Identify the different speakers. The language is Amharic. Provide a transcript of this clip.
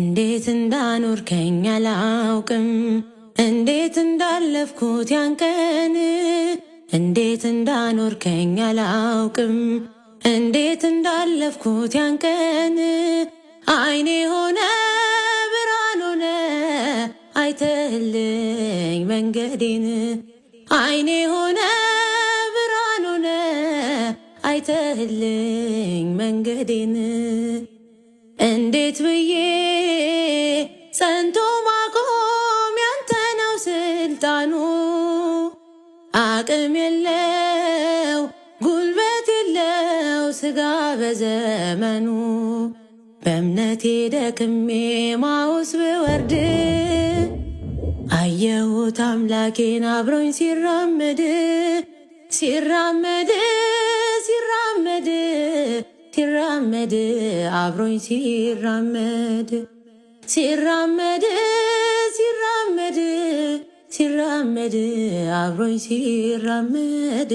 Speaker 1: እንዴት እንዳኖርከኝ አላውቅም፣ እንዴት እንዳለፍኩት ያንቀን ቀን፣ እንዴት እንዳኖርከኝ አላውቅም፣ እንዴት እንዳለፍኩት ያንቀን ቀን። አይኔ ሆነ ብርሃን ሆነ አይተህልኝ መንገዴን፣ አይኔ ሆነ ብርሃን ሆነ አይተህልኝ መንገዴን እንዴት ብዬ ጸንቶ ማቆም ያንተ ነው ስልጣኑ። አቅም የለው ጉልበት የለው ስጋ በዘመኑ በእምነቴ ደክሜ ማውስ ብወርድ አየሁት አምላኬን አብሮኝ ሲራመድ ሲራመድ ሲራመድ አብሮኝ ሲራመድ ሲራመድ ሲራመድ ሲራመድ አብሮኝ ሲራመድ